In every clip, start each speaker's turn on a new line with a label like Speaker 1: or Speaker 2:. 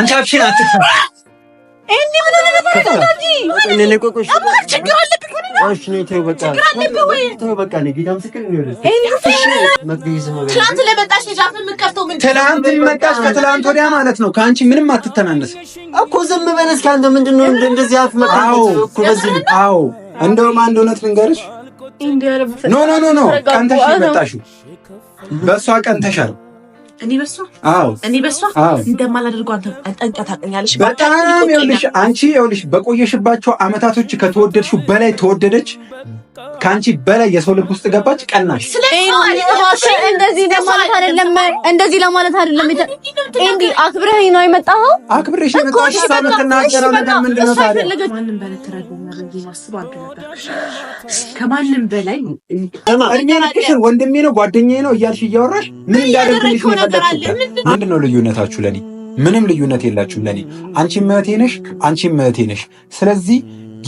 Speaker 1: አንቺ አፍሽን አትክፈት። መጣሽ ከትላንት ወዲያ ማለት ነው። ከአንቺ ምንም አትተናነስ እኮ ዝም እንደዚህ አፍ እኮ በዚህ አዎ። እንደውም አንድ እውነት ልንገርሽ፣ ኖ ኖ ኖ ኖ ቀንተሽ መጣሽ፣ በእሷ ቀንተሻል በጣም ይኸውልሽ፣ አንቺ ይኸውልሽ፣ በቆየሽባቸው አመታቶች ከተወደድሽው በላይ ተወደደች ከአንቺ በላይ የሰው ልብ ውስጥ ገባች፣ ቀናሽ። እንደዚህ ለማለት አይደለም። እንዲ አክብረህ ነው የመጣኸው። አክብረሽ የመጣሽ ነው ታዲያ? ከማንም በላይ ወንድሜ ነው ጓደኛዬ ነው እያልሽ እያወራሽ ምን እንዳደርግልሽ ነው ነው ልዩነታችሁ? ለኔ ምንም ልዩነት የላችሁም። ለኔ አንቺ እህቴ ነሽ፣ አንቺ እህቴ ነሽ። ስለዚህ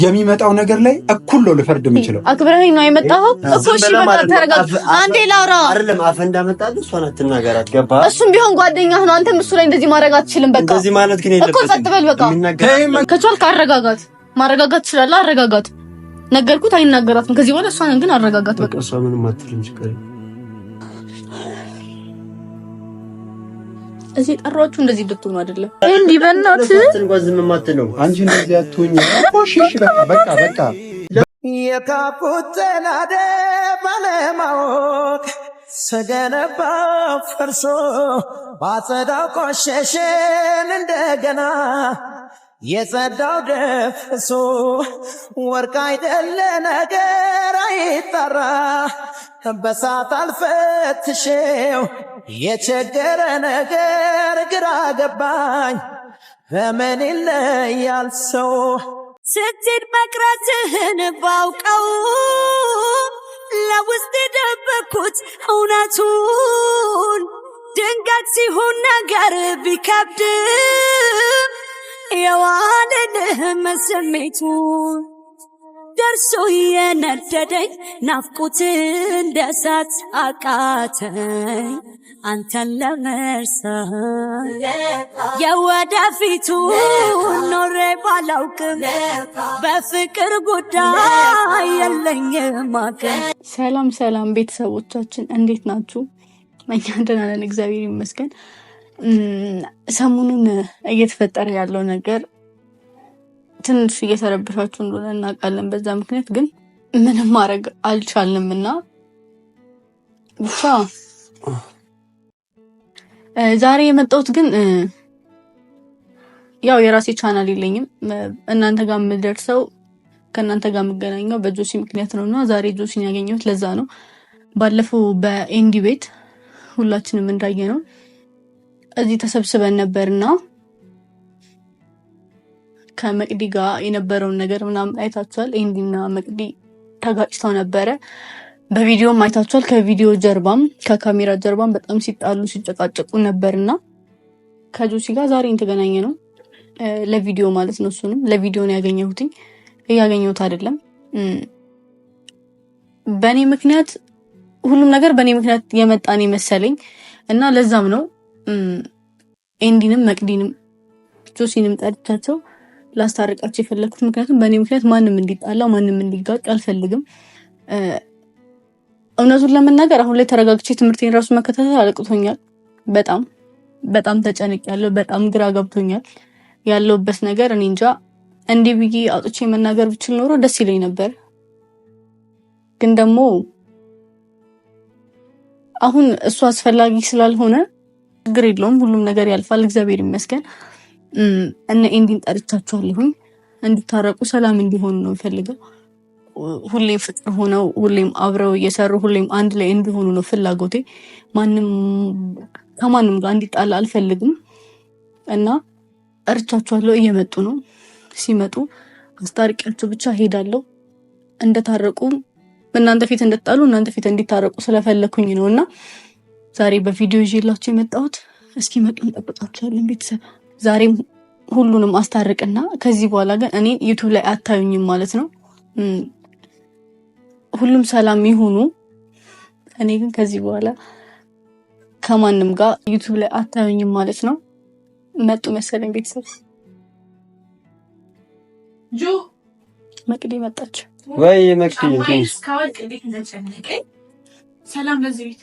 Speaker 1: የሚመጣው ነገር ላይ እኩል ነው ልፈርድ የምችለው። አክብረኝ ነው የመጣው እኮ። እሺ በቃ ተረጋጋ፣ አንዴ ላውራ። አይደለም አፈ እንዳመጣልህ እሷን አትናገር፣ ገባህ? እሱም ቢሆን ጓደኛህ ነው። አንተም እሱ ላይ እንደዚህ ማድረግ አትችልም። በቃ እንደዚህ ማለት ግን የለበትም እኮ። ጸጥ በል በቃ። ከቻልክ አረጋጋት፣ ማረጋጋት ትችላለህ። አረጋጋት፣ ነገርኩት። አይናገራትም ከዚህ በኋላ እሷን ግን አረጋጋት በቃ። እሷ ምንም አትልም፣ ችግር የለም እዚህ ጠሯችሁ እንደዚህ እንድትሆኑ አይደለም። እንዲህ በእናትህ አንቺ እንደዚህ አትሆኝ። ቆሽሽ በቃ በቃ የካቡት ተናደ ባለማወቅ ስገነባ ፈርሶ ባጸዳው ቆሸሸን እንደገና የጸዳው ደፍሶ ወርቅ አይደለ ነገር አይጠራ በሳት አልፈትሽው የቸገረ ነገር ግራ ገባኝ። በምን ይለያል ሰው ስትሄድ መቅረትህን ባውቀው ለውስጥ የደበኩት እውነቱን ድንገት ሲሆን ነገር ቢከብድ የዋልልህም ስሜቱን ደርሶ የነደደኝ ናፍቆት እንደ እሳት አቃተኝ አንተን ለመርሳት የወደፊቱ ኖሬ ባላውቅም በፍቅር ጉዳይ የለኝም አቅም። ሰላም ሰላም ቤተሰቦቻችን እንዴት ናችሁ? እኛ ደህና ነን፣ እግዚአብሔር ይመስገን። ሰሞኑን እየተፈጠረ ያለው ነገር ትንሽ እየተረበሻችሁ እንደሆነ እናውቃለን። በዛ ምክንያት ግን ምንም ማድረግ አልቻልንም እና ብቻ ዛሬ የመጣሁት ግን ያው የራሴ ቻናል የለኝም። እናንተ ጋር የምደርሰው ከእናንተ ጋር የምገናኘው በጆሲ ምክንያት ነው እና ዛሬ ጆሲን ያገኘሁት ለዛ ነው። ባለፈው በኤንዲ ቤት ሁላችንም እንዳየ ነው እዚህ ተሰብስበን ነበርና ከመቅዲ ጋር የነበረውን ነገር ምናምን አይታችኋል። ኤንዲና መቅዲ ተጋጭተው ነበረ። በቪዲዮም አይታችኋል። ከቪዲዮ ጀርባም ከካሜራ ጀርባም በጣም ሲጣሉ ሲጨቃጨቁ ነበርና ከጆሲ ጋር ዛሬ የተገናኘ ነው ለቪዲዮ ማለት ነው። እሱንም ለቪዲዮ ነው ያገኘሁትኝ። እያገኘሁት አይደለም በእኔ ምክንያት ሁሉም ነገር በእኔ ምክንያት የመጣን መሰለኝ እና ለዛም ነው ኤንዲንም መቅዲንም ጆሲንም ጠርቻቸው ላስታርቃቸው የፈለግኩት ምክንያቱም በእኔ ምክንያት ማንም እንዲጣላ ማንም እንዲጋጭ አልፈልግም። እውነቱን ለመናገር አሁን ላይ ተረጋግቼ ትምህርቴን ራሱ መከታተል አለቅቶኛል። በጣም በጣም ያለው በጣም ግራ ገብቶኛል ያለውበት ነገር እኔ እንጃ። እንዲህ ብዬ አውጥቼ መናገር ብችል ኖሮ ደስ ይለኝ ነበር፣ ግን ደግሞ አሁን እሱ አስፈላጊ ስላልሆነ ችግር የለውም። ሁሉም ነገር ያልፋል። እግዚአብሔር ይመስገን። እነ ኤንዲን ጠርቻችኋለሁኝ እንዲታረቁ ሰላም እንዲሆኑ ነው ፈልገው ሁሌም ፍቅር ሆነው ሁሌም አብረው እየሰሩ ሁሌም አንድ ላይ እንዲሆኑ ነው ፍላጎቴ። ማንም ከማንም ጋር እንዲጣላ አልፈልግም እና ጠርቻችኋለሁ። እየመጡ ነው። ሲመጡ አስታርቂያቸው ብቻ ሄዳለሁ። እንደታረቁ በእናንተ ፊት እንደጣሉ እናንተ ፊት እንዲታረቁ ስለፈለኩኝ ነው እና ዛሬ በቪዲዮ ይዤላቸው የመጣሁት። እስኪመጡ እንጠብቃቸዋለን ቤተሰብ ዛሬም ሁሉንም አስታርቅና ከዚህ በኋላ ግን እኔ ዩቱብ ላይ አታዩኝም ማለት ነው። ሁሉም ሰላም ይሁኑ። እኔ ግን ከዚህ በኋላ ከማንም ጋር ዩቱብ ላይ አታዩኝም ማለት ነው። መጡ መሰለኝ ቤተሰብ መቅዲ መጣች ወይ? መቅዲ ሰላም ለዚህ ቤት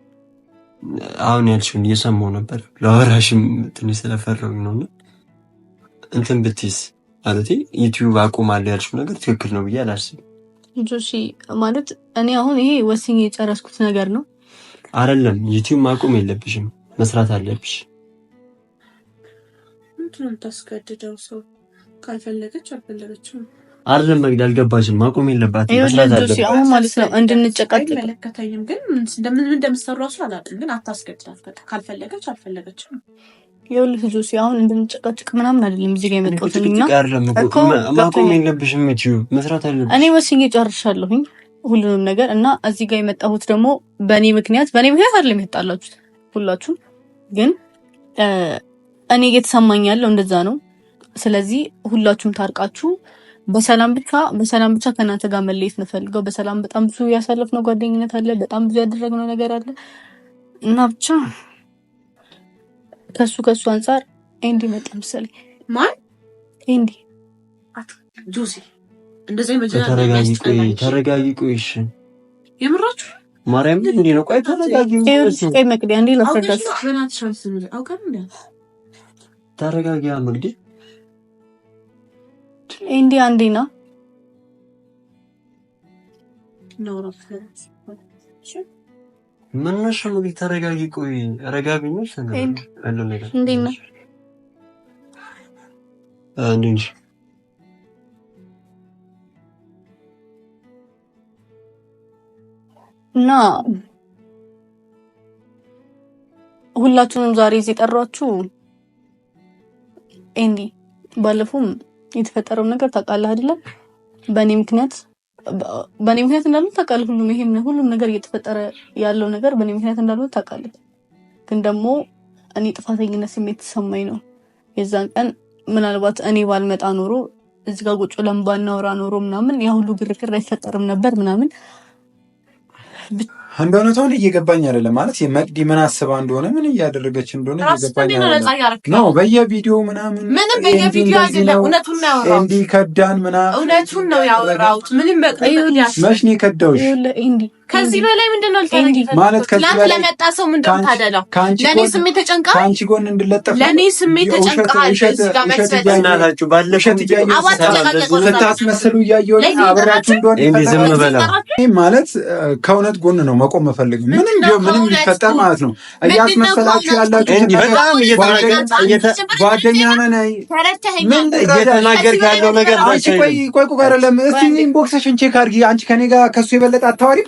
Speaker 1: አሁን ያልሽውን እየሰማው ነበር። ለወራሽም ትንሽ ስለፈረሁኝ ነው። እና እንትን ብትይስ ማለት ዩቲዩብ አቁማለሁ ያልሽው ነገር ትክክል ነው ብዬ አላስብ። ጆሺ ማለት እኔ አሁን ይሄ ወስኜ የጨረስኩት ነገር ነው አይደለም። ዩቲዩብ ማቆም የለብሽም መስራት አለብሽ። ምንድን ነው የምታስገድደው? ሰው ካልፈለገች አልፈለገችም። አይደለም መግደል አልገባሽም። ማቆም የለባትም አሁን ማለት ነው። እንድንጨቃጭ መለከተኝም ግን እንደምን እንደምሰሩ እራሱ አላውቅም። ግን አታስገድዳት በቃ ካልፈለገች አልፈለገችም። የሁለት ልጆች አሁን እንደምንጨቃጭቅ ምናምን አይደለም እዚህ ጋር የመጣሁትና ማቆም የለብሽም መስራት አለብሽ። እኔ ወስኜ ጨርሻለሁኝ ሁሉንም ነገር እና እዚህ ጋር የመጣሁት ደግሞ በእኔ ምክንያት በእኔ ምክንያት አይደለም የመጣላችሁት ሁላችሁም። ግን እኔ እየተሰማኝ ያለው እንደዛ ነው። ስለዚህ ሁላችሁም ታርቃችሁ በሰላም ብቻ በሰላም ብቻ ከእናንተ ጋር መለየት እንፈልገው። በሰላም በጣም ብዙ ያሳለፍነው ጓደኝነት አለ። በጣም ብዙ ያደረግነው ነገር አለ እና ብቻ ከሱ ከሱ አንጻር ኤንዲ መጣ መሰለኝ። ማን ኤንዲ? ጆሲ እንደዚህ ተረጋጊ። ቆይ እሺ፣ የምራችሁ ማርያም እንዲ ነው። ቆይ ተረጋጊ። ቆይ መቅዲያ እንዲ ላስረዳችሁ። ተረጋጊ መቅዲያ እንዲ አንዴ ነው ምንሽ ነው? ተረጋጊ። ቆይ ረጋቢ እና ሁላችሁንም ዛሬ እዚህ ጠሯችሁ። ኤንዲ ባለፉም የተፈጠረውን ነገር ታውቃለህ አይደለም? በእኔ ምክንያት በእኔ ምክንያት እንዳሉ ታውቃለህ። ሁሉም ይሄም ሁሉም ነገር እየተፈጠረ ያለው ነገር በእኔ ምክንያት እንዳሉ ታውቃለህ። ግን ደግሞ እኔ ጥፋተኝነት ስሜት ተሰማኝ ነው የዛን ቀን ምናልባት እኔ ባልመጣ ኖሮ እዚህ ጋር ቁጭ ብለን ኖሮ ምናምን ያ ሁሉ ግርግር አይፈጠርም ነበር ምናምን እንደ አሁን እየገባኝ አይደለም። ማለት የመቅዲ ምን አስባ እንደሆነ ምን እያደረገች እንደሆነ እየገባኝ ነው። በየቪዲዮ ምናምን ምንም በየቪዲዮ አይደለም እውነቱን ነው ያወራው። እንዲህ ከዳን ምናምን እውነቱን ነው ያወራው። ምንም መቅዲ መች ከዚህ በላይ ምንድን ነው ማለት? ትናንት ለመጣ ሰው ምንድን ነው ታደለው? ለእኔ ስሜት ተጨንቀሃል፣ ከአንቺ ጎን እንድለጠፍ ለእኔ ስሜት ተጨንቀሃል። ስታስመስሉ እያየሁ አብራችሁ እንደሆነ ማለት ከእውነት ጎን ነው መቆም መፈልግ። ምንም ምንም ሊፈጠር ማለት ነው እያስመሰላችሁ ያላችሁ ጓደኛ ነን። ያለው ነገር ቆይ ቆይ፣ አይደለም እስቲ ቼክ አድርጊ። አንቺ ከኔ ጋር ከሱ የበለጠ አታዋሪም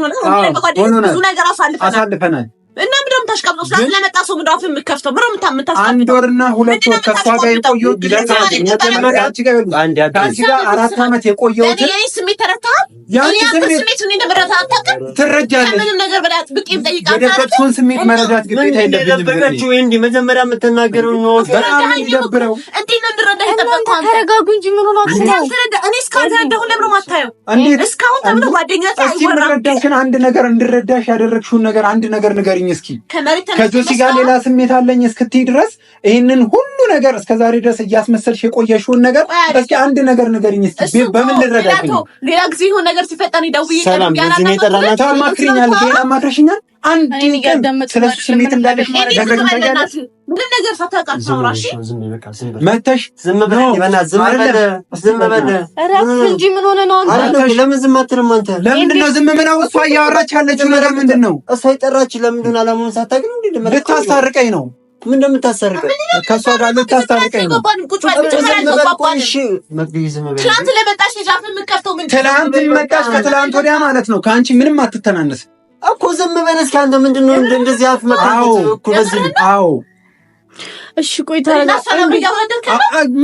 Speaker 1: ብዙ ነገር አሳልፈናል። አሳልፈናል እናም አታሽቀም ነው ስላት ለመጣ ሰው ምዳፍ የምከፍተው ብሮ አንድ ወርና ሁለት ወር ከሷ ጋር የቆየሁት አራት ዓመት የቆየሁት ስሜት ተረታል። የደበቅኩን ስሜት መረዳት ግዴታ የለብኝም። መጀመሪያ የምትናገረው በጣም ተረጋጉ እንጂ ምን ነው? እስካሁን ተብሎ ጓደኛ አንድ ነገር እንድረዳሽ ያደረግሽውን ነገር አንድ ነገር ንገሪኝ እስኪ ከጆሲ ጋር ሌላ ስሜት አለኝ እስክትይ ድረስ ይህንን ሁሉ ነገር እስከ ዛሬ ድረስ እያስመሰልሽ የቆየሽውን ነገር እስኪ አንድ ነገር ንገሪኝ እስኪ በምን ልረዳሽ? ሌላ ጊዜ ይሁን ነገር ሲፈጠን ደውዬ ሰላም፣ ዚህ የጠራናቸው። አማክሪኛል፣ ሌላ አማክረሽኛል አንድ ስለ እሱ ስሜት እንዳለሽ ምንም ነገር ሳታውቃት ዝም በል አንተ? ለምንድን ነው ዝም ብለው? እሷ እያወራች ያለችው ነገር ምንድን ነው? እሷ የጠራች ለምንድን አላማውን ሳታውቅ ልታስታርቀኝ ነው። ምን እንደምታሰርቀኝ ከሷ ጋር ልታስታርቀኝ ነው። ትላንት መጣሽ፣ ከትላንት ወዲያ ማለት ነው። ከአንቺ ምንም አትተናነስም እኮ ዝም በል እስኪ አንተ ምንድን ነው እንደዚህ አፍ መከፈት እኮ አዎ እሺ ቆይ ታረጋ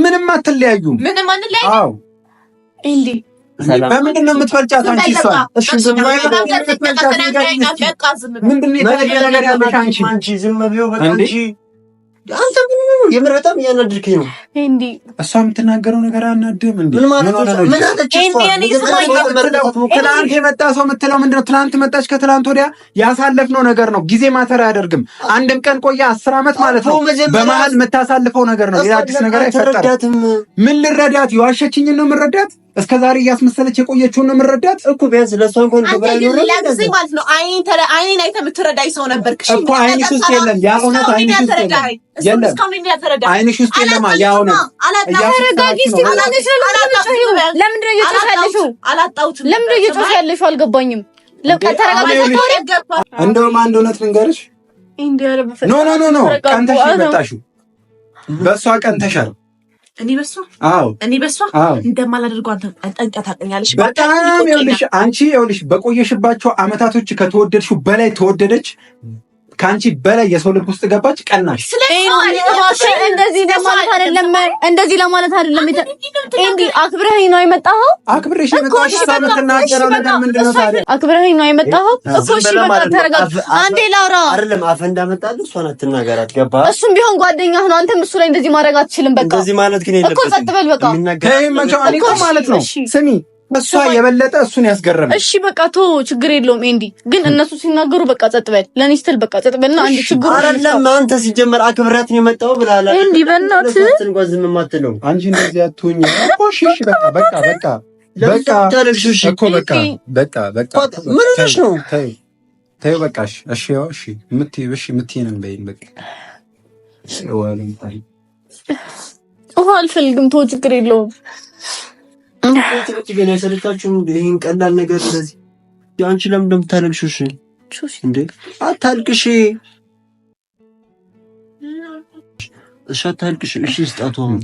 Speaker 1: ምንም አትለያዩም አዎ በምንድን ነው የምትፈልጫት አንቺ እሷን እሺ ዝም በል ምንድን ነው የተለየ ነገር ያለሽ አንቺ ዝም በይው በቃ አንቺ አንተ ምን ነው የምር በጣም እያናደድከኝ ነው። እሷ የምትናገረው ነገር አናድም። ምን ማለት ነው? ምን የመጣ ሰው የምትለው ምንድነው? ትናንት መጣች፣ ከትናንት ወዲያ ያሳለፍነው ነገር ነው። ጊዜ ማተር አያደርግም። አንድም ቀን ቆየ አስር ዓመት ማለት ነው። በመሀል የምታሳልፈው ነገር ነው። አዲስ ነገር አይፈጠርም። ምን ልረዳት? የዋሸችኝን ነው የምረዳት እስከ ዛሬ እያስመሰለች የቆየችውን ነው የምንረዳት እኮ። ቢያንስ ለእሷ እንኳን ክብር አይኖርም ማለት ነው። አይኔን አይተ የምትረዳኝ ሰው ነበርክ እኮ። አይንሽ ውስጥ የለም ያ እውነት፣ አይንሽ ውስጥ የለም አይንሽ ውስጥ የለም ያ እውነት። ለምንድን ነው እየጮሽ ያለሽው? ለምንድን ነው እየጮሽ ያለሽው? አልገባኝም። እንደውም አንድ እውነት ልንገርሽ። ኖ ኖ ኖ ኖ ቀንተሽ መጣሽው፣ በእሷ ቀንተሻል እኔ በሷ እኔ በሷ እንደማላደርገው ጠንቀ ታውቀኛለሽ። በጣም ይኸውልሽ፣ አንቺ ይኸውልሽ፣ በቆየሽባቸው አመታቶች ከተወደድሽው በላይ ተወደደች። ከአንቺ በላይ የሰው ልብ ውስጥ ገባች፣ ቀናሽ። እንደዚህ ለማለት አይደለም። እንዲ አክብረኸኝ ነው የመጣኸው። አክብረሽ የመጣሽ ነው አክብረኸኝ ነው የመጣኸው እኮ። እሺ በቃ አንዴ ላውራ። አይደለም አፈ እንዳመጣል እሷን አትናገራት፣ ገባህ? እሱም ቢሆን ጓደኛ ነው። አንተም እሱ ላይ እንደዚህ ማድረግ አትችልም። በቃ እንደዚህ ማለት ግን የለበትም እኮ። በል በቃ። ይሄ መቼ ማለት ነው? ስሚ እሷ የበለጠ እሱን ያስገረመ። እሺ በቃ ቶ ችግር የለውም ኤንዲ፣ ግን እነሱ ሲናገሩ በቃ ጸጥበል በል፣ ለእኔ ስትል በቃ ጸጥበልና አንድ ችግሩ አይደለም። አንተ ሲጀመር አክብረት ነው የመጣው ብላላ ኤንዲ፣ በእናትህ ትንጓዝም የማትለው አንቺ እንደዚህ አትሁኝ እሺ እሺ፣ በቃ በቃ በቃ በቃ እኮ በቃ በቃ በቃ ምን ሆነሽ ነው? ተይው ተይው፣ በቃ እሺ እሺ እሺ፣ የምትይው እሺ የምትይው ነው በይኝ። በቃ ውሃ አልፈልግም። ቶ ችግር የለውም ጭቅጭቅ ይህን ቀላል ነገር ስለዚህ አንቺ ለምን እንደምታለቅሽሽ እንዴ? አታልቅሽ፣ እሺ አታልቅሽ፣ እሺ ስጣቱ አሁን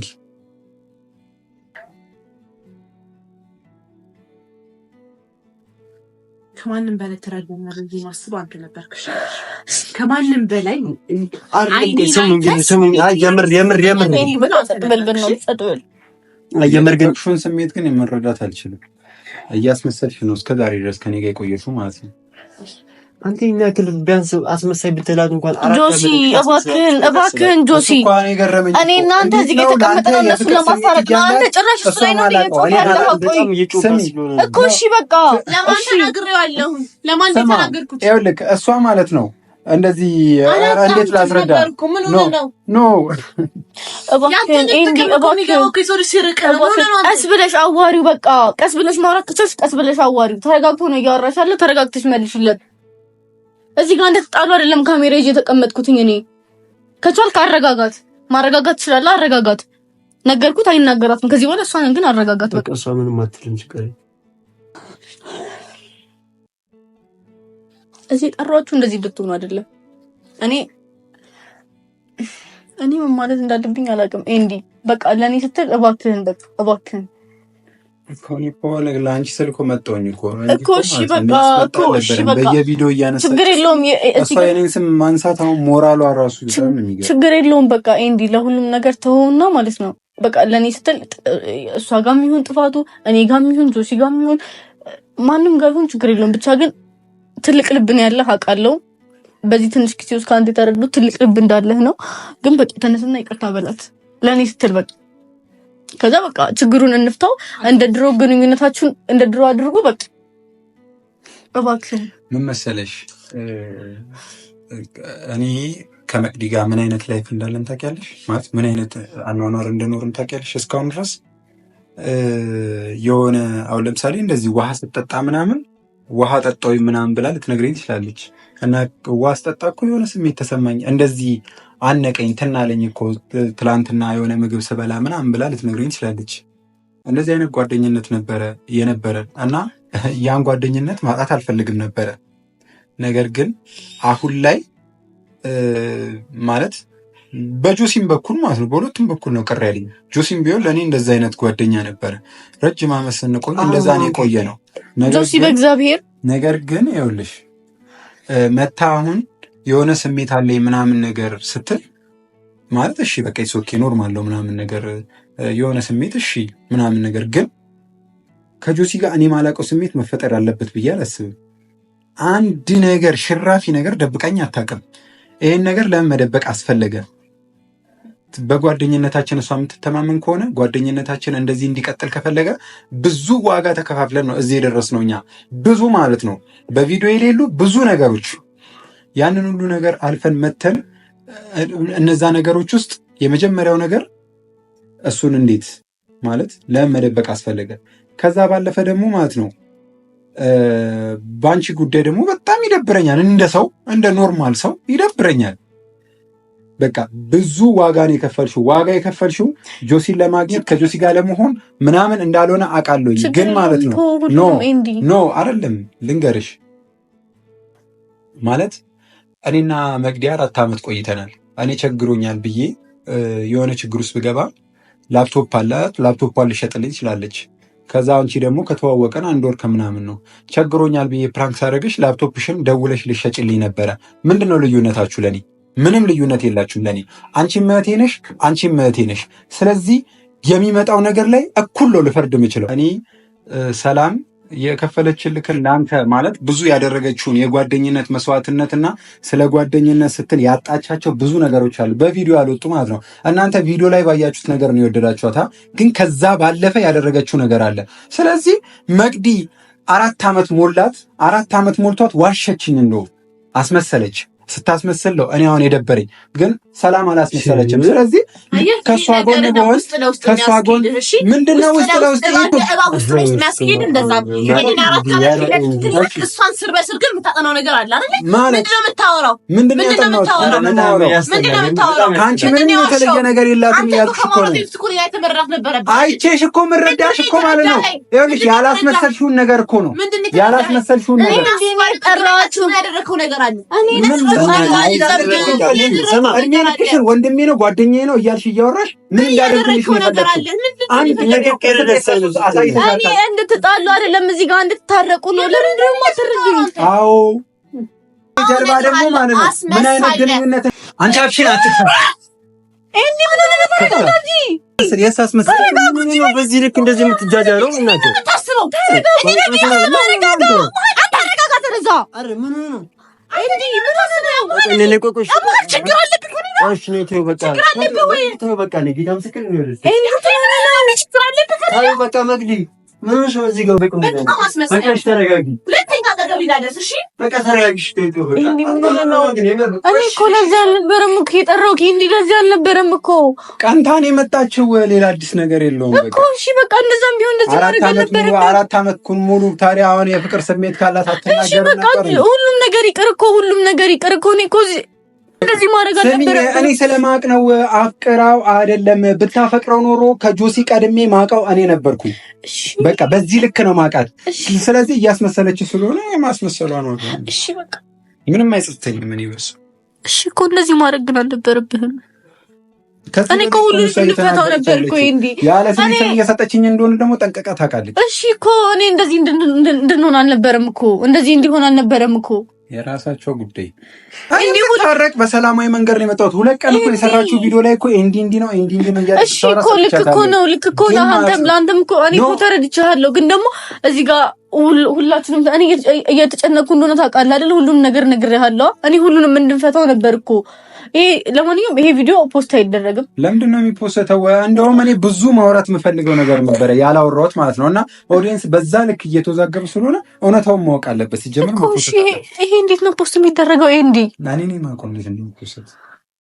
Speaker 1: ከማንም በላይ ተረድተናል እንጂ ማስበው አንተ ነበርክሽ። ከማንም በላይ የምር የምር የምር የመርገንሹን ስሜት ግን የመረዳት አልችልም። እያስመሰልሽ ነው እስከ ዛሬ ድረስ ከኔ ጋር የቆየሽው ማለት ነው። አንተ ቢያንስ አስመሳይ ብትላት እንኳን ጆሲ፣ እባክህን እባክህን ጆሲ፣ እኔ እናንተ እዚህ ጋር እነሱን ለማስታረቅ ነው። አንተ ጭራሽ እሱ ላይ ነው እኮ። እሺ በቃ ለማን ተናግሬዋለሁ? ለማን ተናገርኩት? ይኸውልህ እሷ ማለት ነው እንደዚህ እንዴት ላስረዳ? ኖ ቀስ ብለሽ አዋሪው፣ በቃ ቀስ ብለሽ ማውራት ትችልሽ። ቀስ ብለሽ አዋሪው። ተረጋግቶ ነው እያወራሽ ያለው። ተረጋግተሽ መልሽለት። እዚህ ጋር እንደተጣሉ አይደለም ካሜራ ይዤ የተቀመጥኩትኝ እኔ። ከቻልክ አረጋጋት። ማረጋጋት ትችላለህ። አረጋጋት። ነገርኩት፣ አይናገራትም ከዚህ በኋላ እሷን ግን አረጋጋት። በቃ እሷ ምንም አትልም። እዚህ የጠራችሁ እንደዚህ እንድትሆኑ አይደለም። እኔ እኔ ምን ማለት እንዳለብኝ አላውቅም። ኤንዲ በቃ ለእኔ ስትል እባክህን በቃ እባክህን ለአንቺ ስልኮ እኮ መጣሁኝ እኮ እኮ እሺ በቃ እኮ እሺ በቃ በየቪዲዮ እያነሳች ችግር የለውም። እሷ የእኔን ስም ማንሳት አሁን ሞራሏ ራሱ ችግር የለውም። በቃ ኤንዲ ለሁሉም ነገር ተወውና ማለት ነው። በቃ ለእኔ ስትል እሷ ጋር የሚሆን ጥፋቱ እኔ ጋር የሚሆን ጆሲ ጋር የሚሆን ማንም ጋር ይሁን ችግር የለውም ብቻ ግን ትልቅ ልብ ነው ያለህ አውቃለሁ። በዚህ ትንሽ ጊዜ ውስጥ ከአንተ የተረዱት ትልቅ ልብ እንዳለህ ነው። ግን በቃ ተነስና ይቅርታ በላት ለእኔ ስትል በቃ ከዛ በቃ ችግሩን እንፍታው። እንደ ድሮ ግንኙነታችሁን እንደ ድሮ አድርጉ። በቃ እባክህ ምን መሰለሽ፣ እኔ ከመቅዲ ጋር ምን አይነት ላይፍ እንዳለን ታውቂያለሽ፣ ማለት ምን አይነት አኗኗር እንደኖርን ታውቂያለሽ። እስካሁን ድረስ የሆነ አሁን ለምሳሌ እንደዚህ ውሃ ስትጠጣ ምናምን ውሃ ጠጣዊ ምናምን ብላ ልትነግረኝ ትችላለች። እና ውሃ አስጠጣ እኮ የሆነ ስሜት ተሰማኝ፣ እንደዚህ አነቀኝ፣ ትናለኝ እኮ ትላንትና የሆነ ምግብ ስበላ ምናምን ብላ ልትነግረኝ ትችላለች። እንደዚህ አይነት ጓደኝነት ነበረ የነበረ እና ያን ጓደኝነት ማጣት አልፈልግም ነበረ። ነገር ግን አሁን ላይ ማለት በጆሲም በኩል ማለት ነው። በሁለቱም በኩል ነው ቅር ያለኝ። ጆሲም ቢሆን ለእኔ እንደዛ አይነት ጓደኛ ነበረ። ረጅም ዓመት ስንቆይ እንደዛ ነው የቆየ ነው። ጆሲ በእግዚአብሔር ነገር ግን ይኸውልሽ መታ አሁን የሆነ ስሜት አለኝ ምናምን ነገር ስትል ማለት እሺ በቃ ሶኬ ኖርማል ምናምን ነገር የሆነ ስሜት እሺ ምናምን ነገር ግን ከጆሲ ጋር እኔ ማላውቀው ስሜት መፈጠር አለበት ብዬ አላስብም። አንድ ነገር ሽራፊ ነገር ደብቀኝ አታውቅም። ይሄን ነገር ለምን መደበቅ አስፈለገ? በጓደኝነታችን እሷ የምትተማመን ከሆነ ጓደኝነታችን እንደዚህ እንዲቀጥል ከፈለገ ብዙ ዋጋ ተከፋፍለን ነው እዚህ የደረስነው። እኛ ብዙ ማለት ነው በቪዲዮ የሌሉ ብዙ ነገሮች፣ ያንን ሁሉ ነገር አልፈን መተን እነዛ ነገሮች ውስጥ የመጀመሪያው ነገር እሱን እንዴት ማለት ለምን መደበቅ አስፈለገ? ከዛ ባለፈ ደግሞ ማለት ነው በአንቺ ጉዳይ ደግሞ በጣም ይደብረኛል። እንደ ሰው እንደ ኖርማል ሰው ይደብረኛል። በቃ ብዙ ዋጋ ነው የከፈልሽው። ዋጋ የከፈልሽው ጆሲን ለማግኘት ከጆሲ ጋር ለመሆን ምናምን እንዳልሆነ አውቃለሁኝ፣ ግን ማለት ነው ኖ ኖ አይደለም። ልንገርሽ ማለት እኔና መቅዲያ አራት ዓመት ቆይተናል። እኔ ቸግሮኛል ብዬ የሆነ ችግር ውስጥ ብገባ ላፕቶፕ አላት፣ ላፕቶፕ ልሸጥልኝ ትችላለች። ከዛ አንቺ ደግሞ ከተዋወቀን አንድ ወር ከምናምን ነው። ቸግሮኛል ብዬ ፕራንክ ሳደርግሽ ላፕቶፕሽን ደውለሽ ልሸጭልኝ ነበረ። ምንድን ነው ልዩነታችሁ ለኔ? ምንም ልዩነት የላችሁም። ለእኔ አንቺም እህቴ ነሽ፣ አንቺም እህቴ ነሽ። ስለዚህ የሚመጣው ነገር ላይ እኩል ነው ልፈርድ የምችለው እኔ። ሰላም ልክን ለአንተ ማለት ብዙ ያደረገችውን የጓደኝነት መስዋዕትነትና ስለ ጓደኝነት ስትል ያጣቻቸው ብዙ ነገሮች አሉ። በቪዲዮ ያልወጡ ማለት ነው። እናንተ ቪዲዮ ላይ ባያችሁት ነገር ነው የወደዳችኋት፣ ግን ከዛ ባለፈ ያደረገችው ነገር አለ። ስለዚህ መቅዲ አራት ዓመት ሞላት፣ አራት ዓመት ሞልቷት ዋሸችኝ፣ እንደ አስመሰለች። ስታስመስል ነው። እኔ አሁን የደበረኝ ግን ሰላም አላስመሰለችም። ስለዚህ ከእሷ ጎን በሆን ከእሷ ጎን ምንድን ነው ውስጥ ለውስጥ እሷን ስር በስር ግን የምታጠናው ነገር አለ አይደል? ነው የምታወራው? ምንድን ነው የምታወራው? ከአንቺ ምንም የተለየ ነገር የላትም እያልኩሽ እኮ ነው። አይቼሽ እኮ የምረዳሽ እኮ ማለት ነው። ይኸውልሽ ያላስመሰልሽውን ነገር እኮ ነው ያላስመሰልሽውን ነገር እድሜ ወንድሜ ነው ጓደኛዬ ነው እያልሽ እያወራሽ ምን እንዳደርግልሽ ነው አንድ ነገር እንድትጣሉ አይደለም እዚህ ጋር እንድትታረቁ ነው። ለምን ደግሞ አዎ ጀርባ ደግሞ ማለት ነው ምን አይነት ግንኙነት አንቺ አፍሽን አትፍራ። እንዴ ምን በዚህ ልክ እንደዚህ የምትጃጃለው እናቴ ታስበው በቃ ምንሽ እዚህ ጋር በቃ ተረጋጊ። ሁለተኛ ተረጋጊ። ቀንታን የመጣችው ሌላ አዲስ ነገር የለውም እኮ እሺ። በቃ እንደዛም ቢሆን እንደዚህ አራት አመት ሙሉ ታዲያ አሁን የፍቅር ስሜት ካላት አትናገር ነበር። ሁሉም ነገር ይቅር እኮ ሁሉም ነገር ይቅር እኮ እኔ እኮ እንደዚህ ማድረግ አልነበረብህም። እኔ ስለማቅ ነው አፍቅራው አይደለም። ብታፈቅረው ኖሮ ከጆሲ ቀድሜ ማቀው እኔ ነበርኩ። በቃ በዚህ ልክ ነው ማቃት። ስለዚህ እያስመሰለች ስለሆነ የማስመሰሏ ነው። እሺ በቃ ምንም አይጸጥተኝም። ምን በሱ እሺ እኮ እንደዚህ ማድረግ ግን አልነበረብህም። እኔ ከሁሉ ሁሉ ነበር እኮ እንዲ ያለ ስሜት እየሰጠችኝ እንደሆነ ደግሞ ጠንቀቃ ታውቃለች። እሺ እኮ እኔ እንደዚህ እንድንሆን አልነበረም እኮ እንደዚህ እንዲሆን አልነበረም እኮ የራሳቸው ጉዳይ እንዲሁ ታረቅ። በሰላማዊ መንገድ ነው የመጣሁት። ሁለት ቀን እኮ የሰራችሁ ቪዲዮ ላይ እኮ እንዲህ እንዲህ ነው እንዲህ እንዲህ ነው እያለች እሺ እኮ ልክ እኮ ነው ልክ እኮ ለአንተም ለአንተም እኮ እኔ እኮ ተረድቻለሁ፣ ግን ደግሞ እዚህ ጋር ሁላችንም እኔ እየተጨነቅኩ እንደሆነ ታውቃለህ አይደል? ሁሉንም ነገር ነግሬሃለሁ። እኔ ሁሉንም እንድንፈታው ነበር እኮ ይሄ። ለማንኛውም ይሄ ቪዲዮ ፖስት አይደረግም። ለምንድን ነው የሚፖስተው? እንደውም እኔ ብዙ ማውራት የምፈልገው ነገር ነበረ ያላወራሁት ማለት ነው። እና ኦዲየንስ በዛ ልክ እየተወዛገቡ ስለሆነ እውነታውን ማወቅ አለበት። ሲጀምር ይሄ እንዴት ነው ፖስት የሚደረገው? ይሄ እንዲ እኔ ማቆም እንዴት እንደሚፖስት